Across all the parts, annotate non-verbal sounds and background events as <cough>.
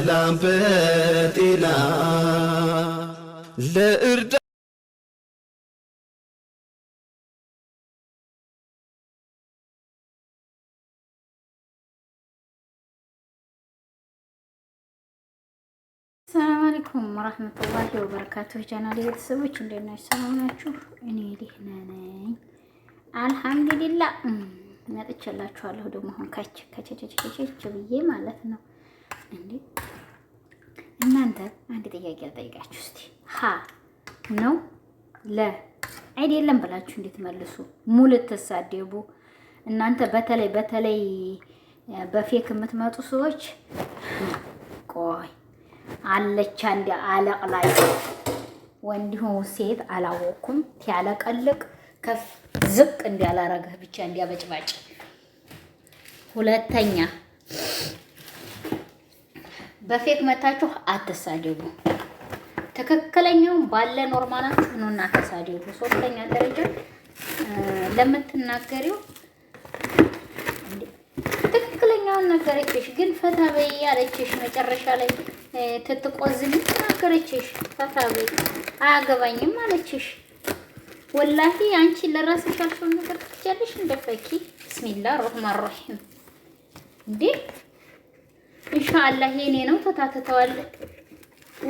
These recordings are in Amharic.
በሰላም በጤና ለእርዳ ሰላም አለይኩም ወራህመቱላሂ ወበረካቱሁ። ቻናል ቤተሰቦች እንዴት ናችሁ? ሰላም ናችሁ? እኔ ደህና ነኝ አልሐምዱሊላህ። መጥቼላችኋለሁ ደግሞ አሁን ካች ከቸቸቸቸች ብዬ ማለት ነው እንዴ እናንተ አንድ ጥያቄ አልጠይቃችሁ እስቲ ሀ ነው ለ አይደለም ብላችሁ እንዴት መልሱ? ሙሉ ትሳደቡ። እናንተ በተለይ በተለይ በፌክ የምትመጡ ሰዎች ቆይ አለች አንድ አለቅላይ ወንዲሁ ሴት አላወቅኩም ያለቀልቅ ከፍ ዝቅ እንዲያላረገህ ብቻ እንዲያበጭባጭ ሁለተኛ በፌክ መታችሁ አትሳደቡ። ትክክለኛውን ባለ ኖርማላት ነውና ተሳደቡ። ሶስተኛ ደረጃ ለምትናገሪው ትክክለኛውን ነገረችሽ፣ ግን ፈታ በይ ያለችሽ መጨረሻ ላይ ትትቆዝኝ ተናገረችሽ። ፈታ በይ አያገባኝም አለችሽ። ወላሂ አንቺ ለራስሽ ያልሽውን ነገር ትችያለሽ። እንደፈኪ ብስሚላህ ራህማን ራሂም እንዴ ኢንሻአላህ የኔ ነው ተታትተዋል።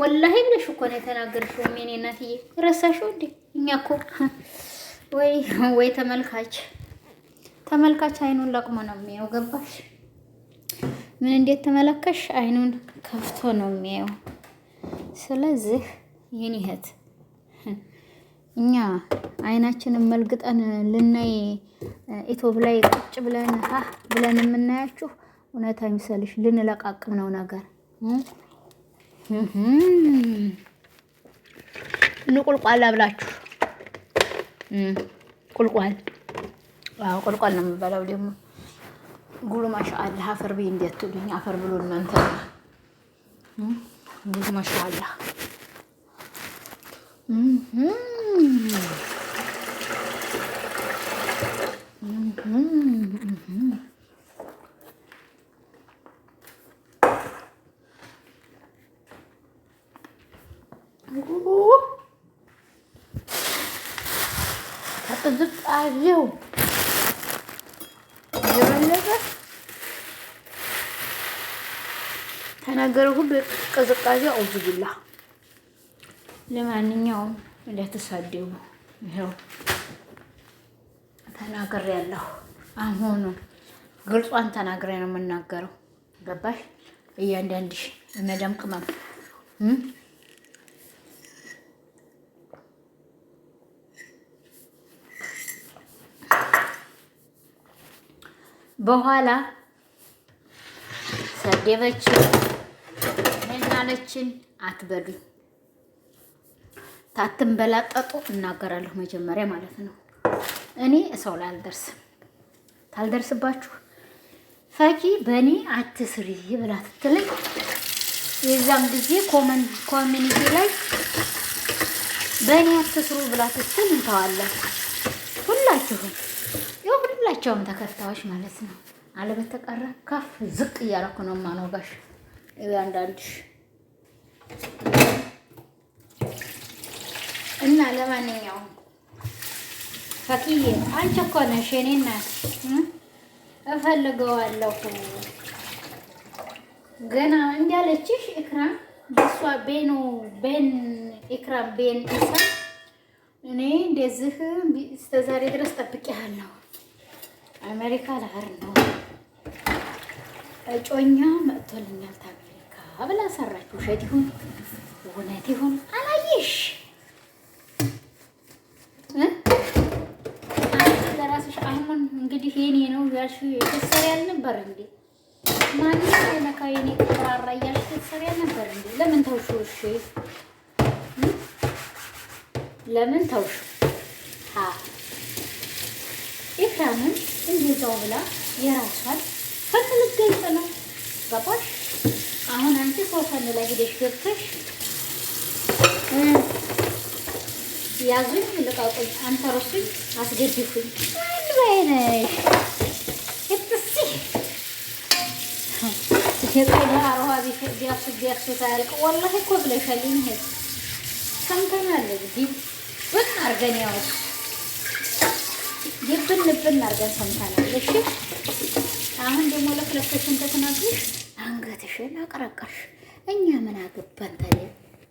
ወላሂ ብለሽ እኮ ነው የተናገርሽው። የኔ እናትዬ ረሳሽው እንዴ? እኛ እኮ <laughs> ወይ ወይ ተመልካች ተመልካች አይኑን ለቅሞ ነው የሚያየው። ገባሽ? ምን እንዴት ተመለከሽ? አይኑን ከፍቶ ነው የሚያየው። ስለዚህ የኔ እህት እኛ አይናችንን መልግጠን ልናይ ኢትዮብ ላይ ቁጭ ብለን ሀ ብለን የምናያችሁ እውነት አይምሰልሽ፣ ልንለቃቅም ነው ነገር አብላችሁ ቁልቋል ቁልቋል ነው የምበላው። ደግሞ ጉሉ ማሻአላ አፈር እንዴት ትሉኝ? አፈር ብሎ እናንተ ጉሉ ማሻአላ ጣቢው የበለጠ ከነገሩ ሁሉ ቅዝቃዜ አውዙ ለማንኛውም እንደተሳደቡ ይኸው ተናግሬያለሁ። አሁኑ ግልጿን ተናግሬ ነው የምናገረው። ገባሽ? እያንዳንድሽ የመዳም ቅመም በኋላ ሰደበችን። ምናለችን አትበሉኝ፣ ታትንበላጠጡ እናገራለሁ መጀመሪያ ማለት ነው። እኔ እሰው ላልደርስም ታልደርስባችሁ ፈቂ በእኔ አትስሪ ብላ ትትለኝ የዛን ጊዜ ኮሚኒቲ ላይ በእኔ አትስሩ ብላ ትትል እንተዋለን ሁላችሁም ሁላቸውም ተከታዮች ማለት ነው። አለበተቀረ ከፍ ዝቅ እያረኩ ነው ማኖጋሽ አንዳንድሽ እና ለማንኛውም ፈኪዬ አንቺ እኮ ነሽ የእኔ እናት እፈልገዋለሁ። ገና እንዳለችሽ ኢክራም በሷ ቤኑ ቤን ኢክራም ቤን ኢሳ እኔ እንደዚህ እስከ ዛሬ ድረስ ጠብቄሃለሁ። አሜሪካ ላር ነው እጮኛ መጥቶልኛል ታሜሪካ ብላ ሰራች። ውሸት ይሁን እውነት ይሁን አላየሽ ለራስሽ አሁን እንግዲህ የኔ ነው ያልሽ የተሰሪ አልነበር እንዴ? ማንም የነካ የኔ ቆራራ እያልሽ የተሰሪ አልነበር እንዴ? ለምን ተውሽ? እሺ ለምን ተውሽ? አ ኢፍራምን እንዲዛው ብላ የራሷን ከምትገልጽ ነው። ገባሽ? አሁን አንቺ ሶፋን ላይ ሄደሽ ገብተሽ ያዙኝ፣ ልቀቁኝ፣ አንተርሱኝ፣ አስገድፉኝ አንድ ባይነሽ እጥሲ የፀሐይ ዳርዋ ቢያሱ ቢያሱ ሳያልቅ ወላሂ እኮ ብለሻል። ይሄ ሰምተናል። እዚህ ምን አርገን ያውስ ብን ልብን አድርገን ሰምተናል። እሺ አሁን ደግሞ ለፍለፍተሽን ተተናግሽ አንገትሽን አቀረቀርሽ። እኛ ምን አገባን ታዲያ?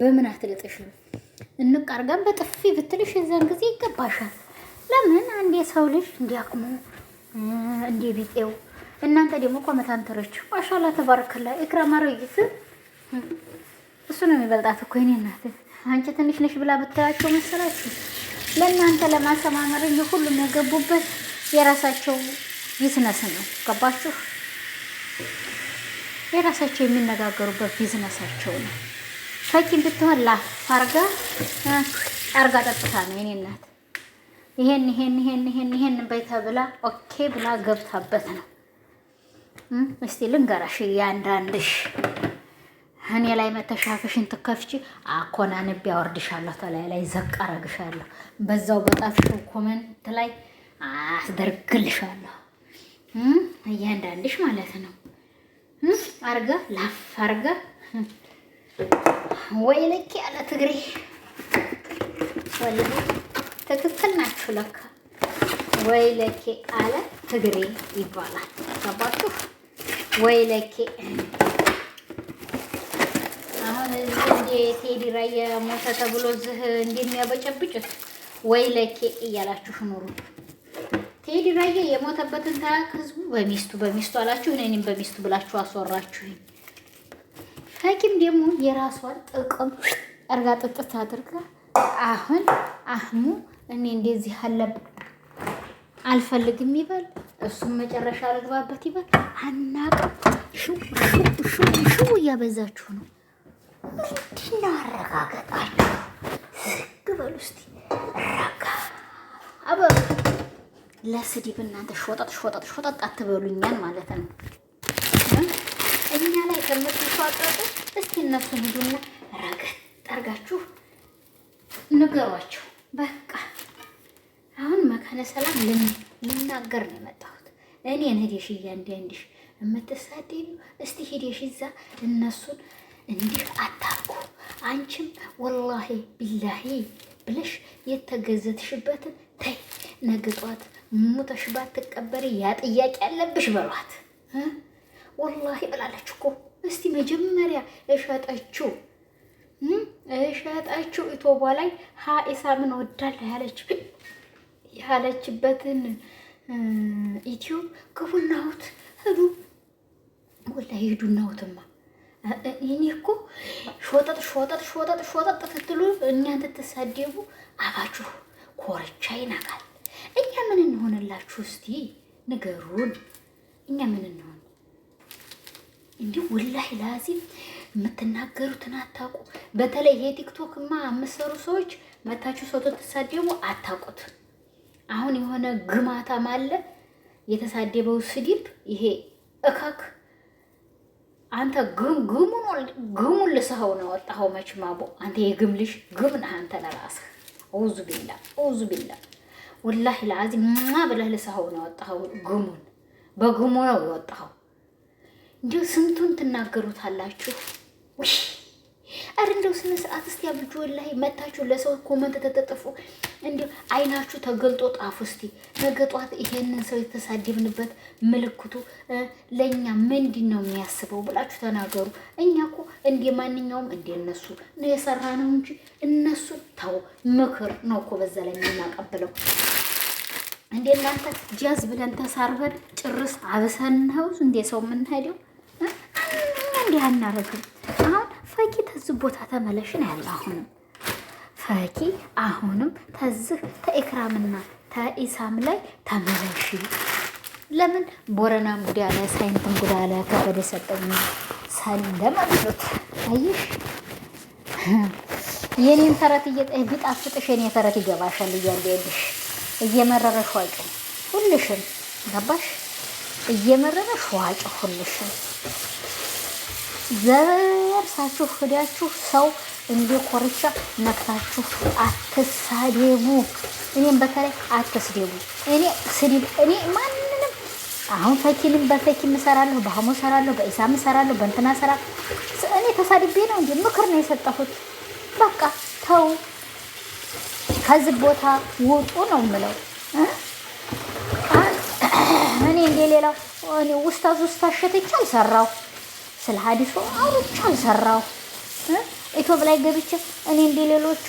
በምን አትልጥሽ እንቃርጋን በጥፊ ብትልሽ የዛን ጊዜ ይገባሻል። ለምን አንዴ ሰው ልጅ እንዲያክሙ እንዲ ቢጤው እናንተ ደግሞ ቆመታንተሮች ማሻላ ተባረከላ ኢክራም አሮጊት እሱ ነው የሚበልጣት እኮ የኔ እናት። አንቺ ትንሽ ነሽ ብላ ብታያቸው መሰላችሁ ለእናንተ ለማሰማመር እንጂ ሁሉም የገቡበት የራሳቸው ቢዝነስ ነው። ገባችሁ? የራሳቸው የሚነጋገሩበት ቢዝነሳቸው ነው። ፈኪም ብትሆን ላፍ አርጋ ጠጥታ ነው የኔ እናት ይሄን ይሄን ይሄን ይሄን ይሄን በይ ተብላ ኦኬ ብላ ገብታበት ነው። እስቲ ልንገራሽ ያንዳንድሽ እኔ ላይ መተሻፈሽን ትከፍቺ አኮናንቤ አወርድሻለሁ፣ ተላይ ላይ ዘቅ አረግሻለሁ፣ በዛው በጣፍሽው ኮመንት ላይ አስደርግልሻለሁ። እያንዳንድሽ ማለት ነው አርገ ላፍ አርገ ወይ ልክ ያለ ትግሬ ወላ ትክክል ናችሁ ለካ ወይ ለኬ አለ ትግሬ ይባላል። ገባችሁ ወይ ለኬ አሁን እዚህ እንደ ቴዲ ራያ ሞተ ተብሎ እዚህ እንደሚያበጨብጭት ወይ ለኬ እያላችሁ ኑሩ። ቴዲ ራያ የሞተበትን ታክ ህዝቡ በሚስቱ በሚስቱ አላችሁ፣ እኔንም በሚስቱ ብላችሁ አስወራችሁኝ። ሀኪም ደግሞ የራሷን ጥቅም እርጋ ጥጥት አድርጋ አሁን አህሙ እኔ እንደዚህ አለብን አልፈልግም ይበል እሱም መጨረሻ ልግባበት ይበል አናቅም። ሽው ሽው ሽው እያበዛችሁ ነው። ምንድን ነው አረጋገጣችሁ? ዝግ በሉ እስኪ ረጋ አበሉ። ለስድብ እናንተ ሾጠጥ ሾጠጥ ሾጠጥ አትበሉኛን ማለት ነው። እኛ ላይ ከምትሿጠጡ እስኪ እነሱ ሂዱና ረገጥ አድርጋችሁ ንገሯቸው። በቃ አሁን መካነ ሰላም ልናገር ነው የመጣሁት እኔን ሄደሽ እያንዳንድሽ የምትሳደቢው እስቲ ሄደሽ እዛ እነሱን እንዲህ አታርኩ? አንቺም ወላሂ ቢላሂ ብለሽ የተገዘትሽበትን ተይ፣ ነገ ጧት ሙተሽ ባትቀበሪ ያ ጥያቄ ያለብሽ በሏት። ወላሂ ብላለች እኮ እስቲ መጀመሪያ እሸጠችው እሸጠችው ኢቶባ ላይ ሀኢሳ ምን ወዳለ ያለች ያለችበትን ኢትዮ ክፉናሁት ሂዱ ወላሂ ሂዱናሁትማ ይሄ እኮ ሾጠጥ ሾጠጥ ሾጠጥ ሾጠጥ ስትሉ እኛን ትትሳደቡ አፋችሁ ኮርቻ ይናቃል። እኛ ምን እንሆንላችሁ? እስቲ ንገሩን። እኛ ምን እንሆን? እንዲህ ወላሂ ላዚም የምትናገሩትን አታውቁ። በተለይ የቲክቶክማ የምትሰሩ ሰዎች መታችሁ ሰው ትትሳደቡ አታውቁት። አሁን የሆነ ግማታም አለ የተሳደበው ስድብ ይሄ እከክ አንተ ግሙ ልስኸው ነው ወጣኸው። መች ማቦ አንተ የግም ግም ነህ አንተ ለራስህ። ኡዙ ቢላ ኡዙ ቢላ ወላሂ ለዓዚም ማ ብለህ ልስኸው ነው ወጣኸው። ግሙን በግሙ ነው የወጣኸው። እንዲሁ ስንቱን ትናገሩታላችሁ። ኧረ እንደው ስነ ስርዓት እስቲ አብጁ ወላሂ መታችሁ ለሰው ኮመንት ተጠጥፉ እንዲሁ አይናችሁ ተገልጦ ጣፉ። እስቲ ነገ ጧት ይሄንን ሰው የተሳደብንበት ምልክቱ ለእኛ ምንድን ነው የሚያስበው ብላችሁ ተናገሩ። እኛ እኮ እንደ ማንኛውም እንደ እነሱ ነው የሰራ ነው እንጂ እነሱ ተው ምክር ነው እኮ በዛ ላይ የምናቀብለው እንደ እናንተ ጃዝ ብለን ተሳርበን ጭርስ አብሰን ነው እንደ ሰው የምንሄደው እንዲህ አናረግም። ፈኪ ተዚህ ቦታ ተመለሽ ነው ያለ አሁንም ፈኪ አሁንም ተዚህ ተኢክራምና ተኢሳም ላይ ተመለሽ። ለምን ቦረናም ጉዳ ያለ ሳይንትም ጉዳ ያለ ከበደ ሰጠኝ ሰለማለት አይሽ የኔን ተረት እየጠይ ቢጣፍጥሽ የኔ ተረት ይገባሻል እያለ ይልሽ እየመረረሽ ዋጭ ሁልሽም ገባሽ እየመረረሽ ዋጭ ሁልሽም ዘርሳችሁ ሂዳችሁ ሰው እንደ ኮርቻ ነክታችሁ አትሳደቡ። እኔም በተለይ አትስደቡ። እኔ ስድብ እኔ ማንንም አሁን ፈኪንም በፈኪም እሰራለሁ፣ በሀሞ እሰራለሁ፣ በኢሳም እሰራለሁ፣ በእንትና ሰራ እኔ ተሳድቤ ነው እንጂ ምክር ነው የሰጠሁት። በቃ ተው፣ ከዚህ ቦታ ውጡ ነው የምለው። እኔ እንደሌላው ውስታዝ ውስታሸትቻ ሰራው። ስለ ሀዲሱ አውርቼ አልሰራሁ። ኢትዮብ ላይ ገብቼ እኔ እንደ ሌሎቹ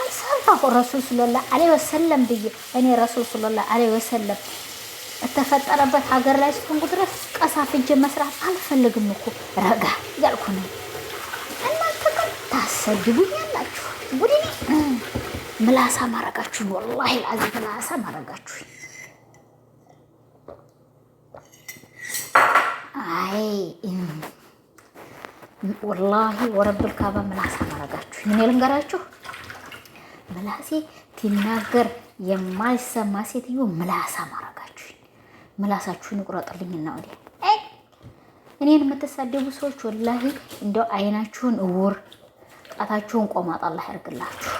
አልሰራሁ። ረሱል ስለላ አለ ወሰለም ብዬ እኔ ረሱል ስለላ አለ ወሰለም እተፈጠረበት ሀገር ላይ ስትንቁ ድረስ ቀሳፍጄ መስራት አልፈልግም እኮ ረጋ ያልኩ ነው። እናንተ ግን ታሰድቡኝ ያላችሁ ቡድኔ ምላሳ ማረጋችሁኝ፣ ወላሂ ላዚ ምላሳ ማረጋችሁኝ። አይ ወላሂ ወረብል ካባ ምላስ አማረጋችሁ። ምን ልንገራችሁ፣ ምላሴ ትናገር የማይሰማ ሴትዮ ምላስ አማረጋችሁ። ምላሳችሁን ይቁረጥልኝና ወዲያ እኔን የምትሳደቡ ሰዎች ወላሂ እንደው አይናችሁን እውር ጣታችሁን ቆማጣ ያርግላችሁ።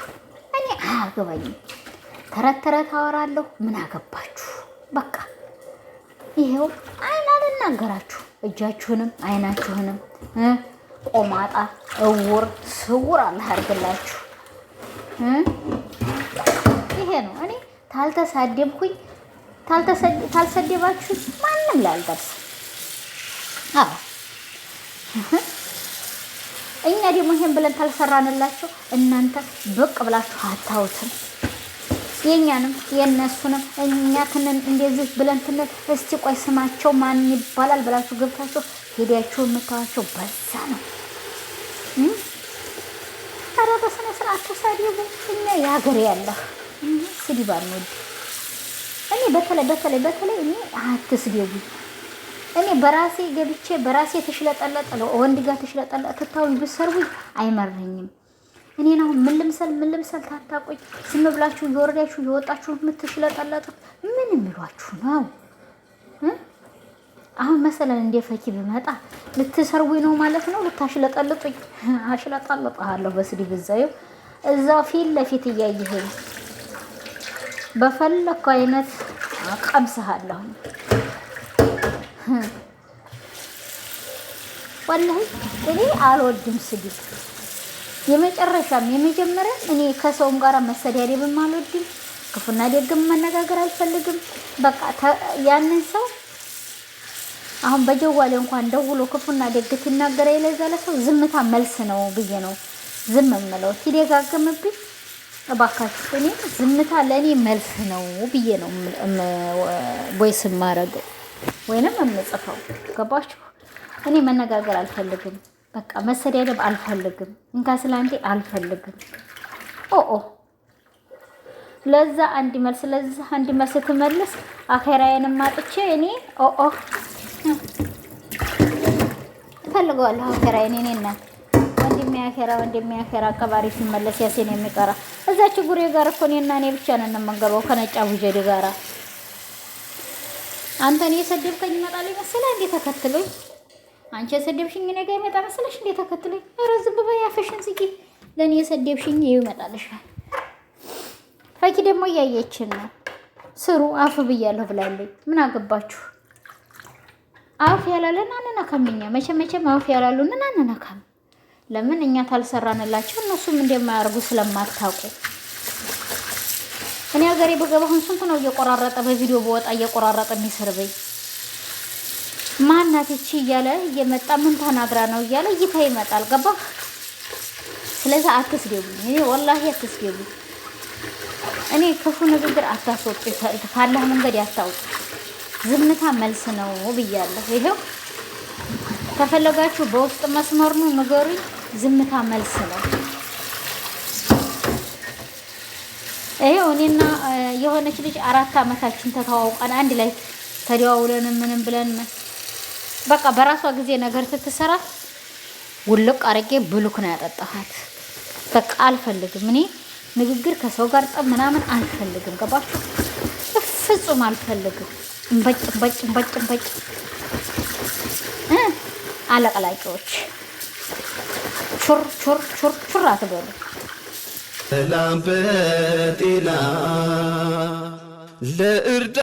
እኔ አያገባኝም። ተረት ተረት አወራለሁ። ምን አገባችሁ? በቃ ይሄው አይን አልናገራችሁ እጃችሁንም አይናችሁንም ቆማጣ እውር ስውር አላህ አድርግላችሁ። ይሄ ነው እኔ ታልተሳደብኩኝ ታልሰደባችሁ ማንም ላልደርስ። እኛ ደግሞ ይሄን ብለን ታልሰራንላቸው እናንተ ብቅ ብላችሁ አታውትም። የእኛንም የእነሱንም እኛ ትንን እንደዚህ ብለን ትንን እስቲ ቆይ ስማቸው ማን ይባላል ብላችሁ ገብታችሁ ሄዳችሁ የምታዋቸው በዛ ነው። በስነ ስርዓት ተሳደቡ። እኛ የሀገር ያለህ ስድብ አንወድም። እኔ በተለይ በተለይ በተለይ እኔ አትስደቡ። እኔ በራሴ ገብቼ በራሴ ተሽለጠለጠ ወንድ ጋር ተሽለጠለጠ ትታውኝ ብትሰርቡኝ አይመረኝም። እኔን አሁን ምን ልምሰል ምን ልምሰል ታታቆኝ ዝም ብላችሁ እየወረዳችሁ እየወጣችሁ የምትሽለጠለጡት ምን የሚሏችሁ ነው? አሁን መሰለን እንደ ፈኪ ብመጣ ልትሰርዊ ነው ማለት ነው። ልታሽለጠልጡኝ <laughs> አሽለጣልጥሃለሁ በስድብ እዛየው እዛ ፊት ለፊት እያየኸኝ በፈለግኩ አይነት አቀምስሃለሁ። <laughs> ወላሂ እኔ አልወድም ስድብ የመጨረሻም የመጀመሪያም እኔ ከሰውም ጋር መሰዳደብም አልወድም። ክፉና ደግም መነጋገር አልፈልግም። በቃ ያንን ሰው አሁን በጀዋሌ እንኳን ደውሎ ክፉና ደግ ትናገረ የለዛ ሰው ዝምታ መልስ ነው ብዬ ነው ዝም ምለው። ሲደጋግምብኝ እባካችሁ እኔ ዝምታ ለእኔ መልስ ነው ብዬ ነው ቦይስ ማረገው ወይንም የምጽፈው። ገባችሁ? እኔ መነጋገር አልፈልግም። በቃ መሰዳደብ አልፈልግም። እንካ ስላንቴ አልፈልግም። ኦኦ ለዛ አንድ መልስ ለዛ አንድ መልስ ትመልስ አኸራዬንም አጥቼ እኔ ኦኦ እፈልገዋለሁ አኬራ የኔ እናት ወንድሜ አኬራ ወንድሜ አኬራ አካባቢ ሲመለስ ያሴን የሚቀራ እዛች ጉሬ ጋር እኮ እኔና እኔ ብቻ ነን የምንገባው ከነጫ ውጀዴ ጋራ። አንተን የሰደብከኝ ይመጣል ይመስላል እንዴ ተከትሎኝ? አንቺ የሰደብሽኝ እኔ ጋር ይመጣ መስለሽ እንዴ ተከትሎኝ? ኧረ ዝም በይ አፍሽን ዝጊ። ለእኔ የሰደብሽኝ ይኸው ይመጣልሻል። ፈኪ ደግሞ እያየችን ነው። ስሩ አፍ ብያለሁ ብላለች። ምን አገባችሁ? አፍ ያላለን አንነካም። እኛ መቼ መቼም አፍ ያላሉንን አንነካም። ለምን እኛ ታልሰራንላቸው እነሱም እንደማያርጉ ስለማታውቁ። እኔ ሀገሬ በገባሁን ስንት ነው እየቆራረጠ በቪዲዮ በወጣ እየቆራረጠ የሚሰርበኝ ማናት ይቺ እያለ እየመጣ ምን ተናግራ ነው እያለ እይታ ይመጣል። ገባ። ስለዚህ አትስደቡኝ። እኔ ወላሂ አትስደቡኝ። እኔ ክፉ ንግግር አታስወጡ። ካላህ መንገድ ያታውቁ። ዝምታ መልስ ነው ብያለሁ። ይሄው ከፈለጋችሁ በውስጥ መስመር ነው ንገሩኝ። ዝምታ መልስ ነው። ይሄው እኔና የሆነች ልጅ አራት አመታችን ተተዋውቀን አንድ ላይ ተደዋውለን ምንም ብለን በቃ በራሷ ጊዜ ነገር ስትሰራ ውልቅ አርጌ ብሉክ ነው ያጠጣኋት። በቃ አልፈልግም እኔ ንግግር ከሰው ጋር ጠብ ምናምን አልፈልግም። ገባችሁ? ፍጹም አልፈልግም። እምበጭ እምበጭ እምበጭ እምበጭ አለቀላቂዎች ቹር ቹር ቹር ቹር አትበሉ። ሰላም በጤና ለእርዳ